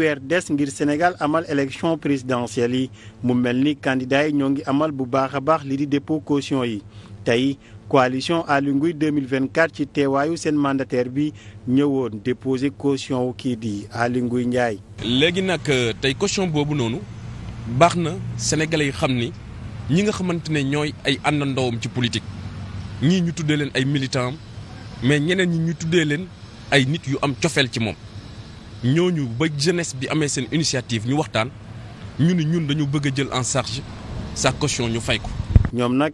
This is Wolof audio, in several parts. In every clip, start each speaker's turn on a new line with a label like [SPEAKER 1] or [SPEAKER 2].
[SPEAKER 1] weer des ngir Sénégal amal élection présidentielle yi mu mel ni candidat yi ñoo ngi amal bu baax a baax li di dépôt caution yi tey coalition Aly Ngouille 2024 ci teewaayu seen mandataire bi ñëwoon déposé caution wu kii di Aly Ngouille Ndiaye.
[SPEAKER 2] léegi nag euh, tey caution boobu noonu baax na sénégalais yi xam ni ñi nga xamante ne ñooy ay àndandoowam ci politique ñii ñu tuddee leen ay militants mais ñeneen ñi ñu tuddee leen ay nit yu am cofeel ci moom. ñooñu ba jeunesse bi amee seen initiative ñu waxtaan ñu ni ñun dañu bëgg a jël en charge sa caution ñu
[SPEAKER 1] fay ko. ñoom nag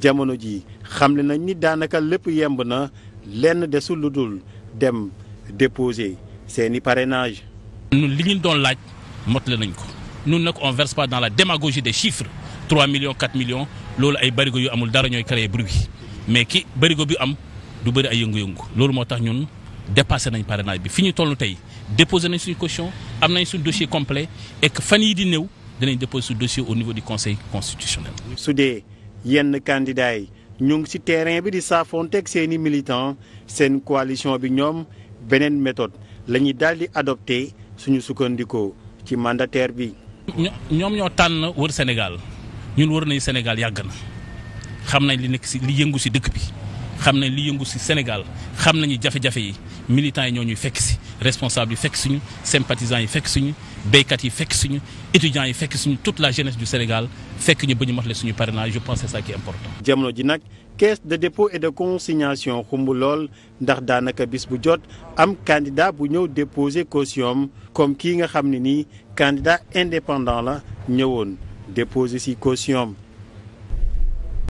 [SPEAKER 1] jamono ji xamle nañ ni daanaka lépp yemb na lenn desul lu dul dem déposer seeni parrainage. ñun li
[SPEAKER 3] ñu doon laaj motale nañ ko ñun nag on verse pas dans la démagogie de chiffres 3 millions quatre millions loolu ay barigo yu amul dara ñooy créer bruit mais ki barigo bi am du bëri ay yëngu-yëngu loolu moo tax ñun. dépassé nañ parrainage bi fi ñu tollu tey déposé nañ suñu caution am nañ suñu dossier complet et fan yii di néew dinañ déposé su dossier au niveau di conseil constitutionnel.
[SPEAKER 1] su dee yenn candidats yi ñu ngi ci terrain bi di saafonteeg seeni militan seen coalition bi ñoom beneen méthode la ñuy daal di adopté suñu sukkandikoo ci mandataire bi.
[SPEAKER 3] ñoom ñoo tànn wër Sénégal ñun wër nañu Sénégal yàgg na xam nañ li nekk ci li yëngu ci dëkk bi. xam ne li yëngu si Sénégal xam nañu jafe-jafe yi militants yi ñoo ñuy fekk si responsable yi fekk suñu sympathisants yi fekk suñu béykat yi fekk suñu étudiants yi fekk suñu toute la jeunesse du Sénégal fekk ñu ba ñu matale suñu parrainage je pense c'est ça important.
[SPEAKER 1] jamono ji nag caisse de dépôt et de consignation xumb lool ndax daanaka bis bu jot am candidat bu ñëw déposer caution comme kii nga xam ne nii candidat indépendant la ñëwoon déposer si caution